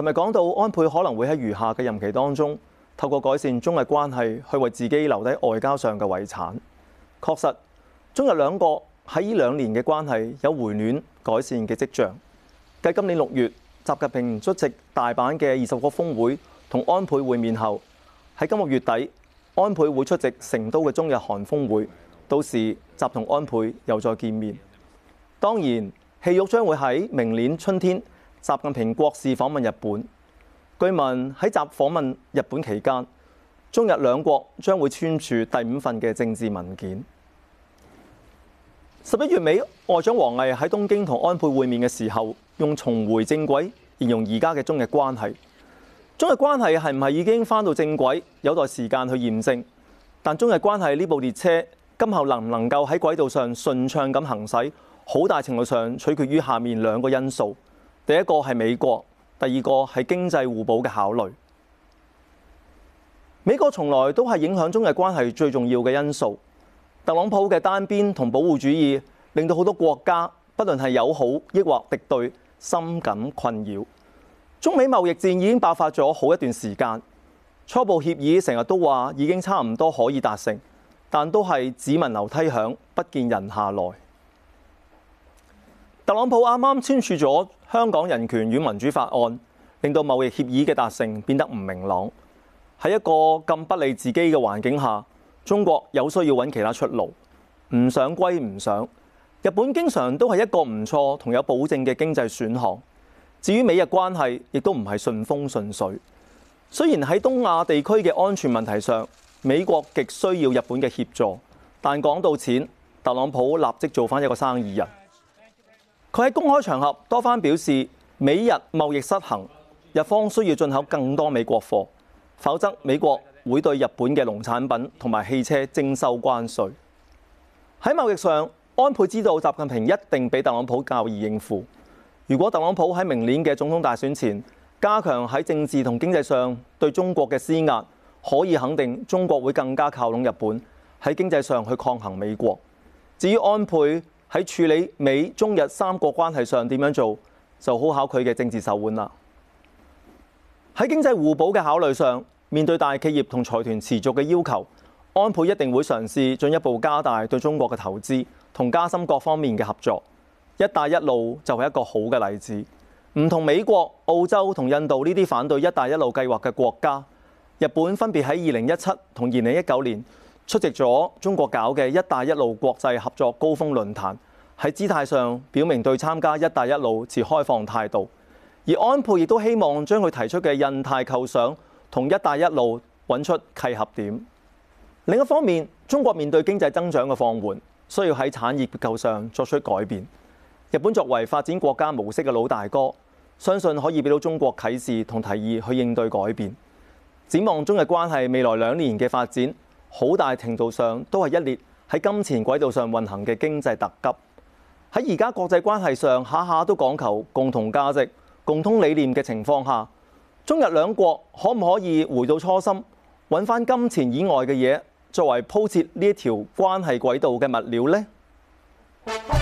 尋日講到安倍可能會喺餘下嘅任期當中，透過改善中日關係去為自己留低外交上嘅遺產。確實，中日兩國喺呢兩年嘅關係有回暖改善嘅跡象。繼今年六月，習近平出席大阪嘅二十國峰會，同安倍會面後，喺今個月底，安倍會出席成都嘅中日韓峰會，到時習同安倍又再見面。當然，戲肉將會喺明年春天。習近平國事訪問日本，據聞喺習訪問日本期間，中日兩國將會簽署第五份嘅政治文件。十一月尾，外長王毅喺東京同安倍會面嘅時候，用重回正軌形容而家嘅中日關係。中日關係係唔係已經返到正軌，有待時間去驗證。但中日關係呢部列車，今後能唔能夠喺軌道上順暢咁行駛，好大程度上取決於下面兩個因素。第一個係美國，第二個係經濟互補嘅考慮。美國從來都係影響中日關係最重要嘅因素。特朗普嘅單邊同保護主義，令到好多國家，不論係友好抑或敵對，深感困擾。中美貿易戰已經爆發咗好一段時間，初步協議成日都話已經差唔多可以達成，但都係只聞樓梯響，不見人下來。特朗普啱啱簽署咗。香港人權與民主法案令到貿易協議嘅達成變得唔明朗。喺一個咁不利自己嘅環境下，中國有需要揾其他出路，唔想歸唔想。日本經常都係一個唔錯同有保證嘅經濟選項。至於美日關係，亦都唔係順風順水。雖然喺東亞地區嘅安全問題上，美國極需要日本嘅協助，但講到錢，特朗普立即做翻一個生意人。佢喺公開場合多番表示，美日貿易失衡，日方需要進口更多美國貨，否則美國會對日本嘅農產品同埋汽車徵收關稅。喺貿易上，安倍知道習近平一定比特朗普較易應付。如果特朗普喺明年嘅總統大選前加強喺政治同經濟上對中國嘅施壓，可以肯定中國會更加靠攏日本喺經濟上去抗衡美國。至於安倍。喺處理美中日三國關係上點樣做，就好考佢嘅政治手腕啦。喺經濟互補嘅考慮上，面對大企業同財團持續嘅要求，安倍一定會嘗試進一步加大對中國嘅投資，同加深各方面嘅合作。一帶一路就係一個好嘅例子。唔同美國、澳洲同印度呢啲反對一帶一路計劃嘅國家，日本分別喺二零一七同二零一九年。出席咗中國搞嘅“一帶一路”國際合作高峰論壇，喺姿態上表明對參加“一帶一路”持開放態度。而安倍亦都希望將佢提出嘅印太構想同一帶一路揾出契合點。另一方面，中國面對經濟增長嘅放緩，需要喺產業結構上作出改變。日本作為發展國家模式嘅老大哥，相信可以俾到中國啟示同提議去應對改變。展望中日關係未來兩年嘅發展。好大程度上都係一列喺金錢軌道上運行嘅經濟特急。喺而家國際關係上，下下都講求共同價值、共通理念嘅情況下，中日兩國可唔可以回到初心，揾翻金錢以外嘅嘢作為鋪設呢一條關係軌道嘅物料呢？